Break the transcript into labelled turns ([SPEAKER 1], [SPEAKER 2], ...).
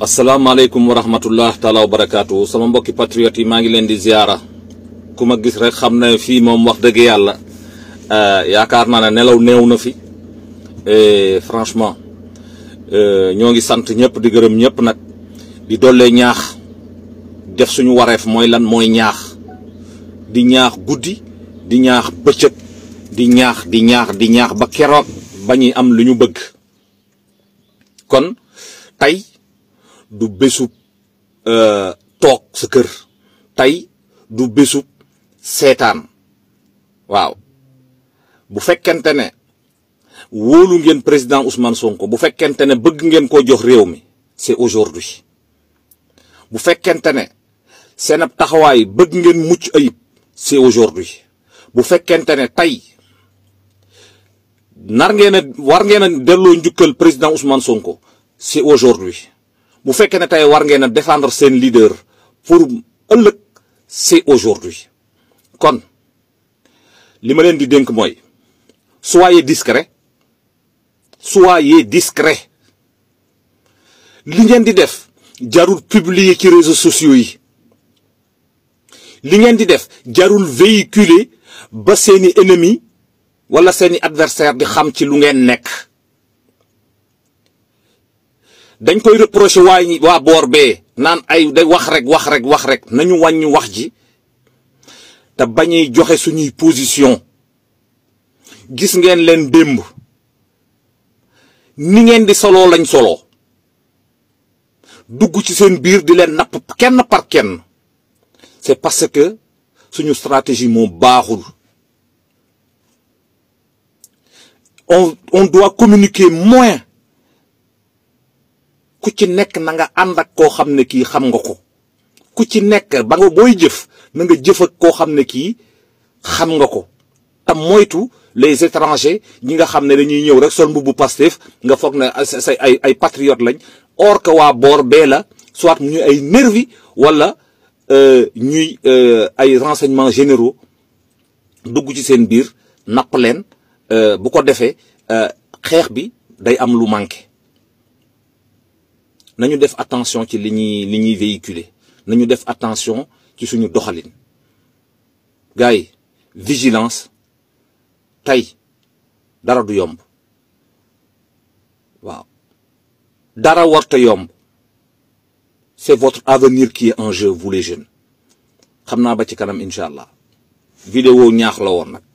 [SPEAKER 1] Assalamualaikum wa rahmatullah taala wa barakatuh sama mbokki patriote yi ma ngi len di ziara kuma ma gis rek xamna ne mom wax deug yalla euh yaakar na na nelaw néew na fi euh franchement eh, ñoo ngi sante ñëpp di gërëm ñëpp nak di dolle ñaax def suñu waref moy lan moy ñaax di ñaax guddii di ñaax beccëk di ñaax di ñaax di ñaax ba kérok am luñu bëgg kon tay du bésub euh, tok sa kër tay du bésub setan, waaw bu fekkente ne wolu ngeen president Ousmane Sonko bu fekkente ne bëgg ngeen ko jox réew mi c'est aujourd'hui bu fekkente ne seen ab taxawaay bëgg ngeen mucc ayib c'est aujourd'hui bu fekkente ne tay nar ngeen war ngeen a delloo njukkal Ousmane Sonko c'est aujourd'hui bu fekkee ne tey war ngeen a défendre seen leader pour ëllëg c'est aujourd'hui kon li ma leen di dénk mooy soyez discret soyez discret li ngeen di def jarul publier ci réseau sociaux yi li ngeen di def jarul véhiculer ba seeni ennemi wala seeni adversaire di xam ci lu ngeen nekk dañ koy reproché les ay wax rek wax rek wax rek nañu wañu wax ji bañuy position gis ngeen len demb ni ngeen di solo lañ solo dugg ci seen biir di len nap kenn c'est parce que suñu stratégie mo baaxul on on doit communiquer moins ku ci nekk na nga ànd ak koo xam ne xam nga ko ku ci nekk ba nga na nga ak xam nga ko moytu les étrangers ñi nga xam ne dañuy ñëw rek sol mbubbu Pastef nga foog ay ay patriote lañ or kawa bor boor la soit ñu ay nervi wala euh, ñuy euh, ay renseignements généraux dugg ci seen biir napp leen euh, bu ko defee xeex bi day am lu nañu def attention ci li que li ñuy véhiculer devons def attention ci suñu doxalin gars vigilance taille, dara du yomb waaw dara warta yomb c'est votre avenir qui est en jeu vous les jeunes Je ba ci kanam incha vidéo ñaax la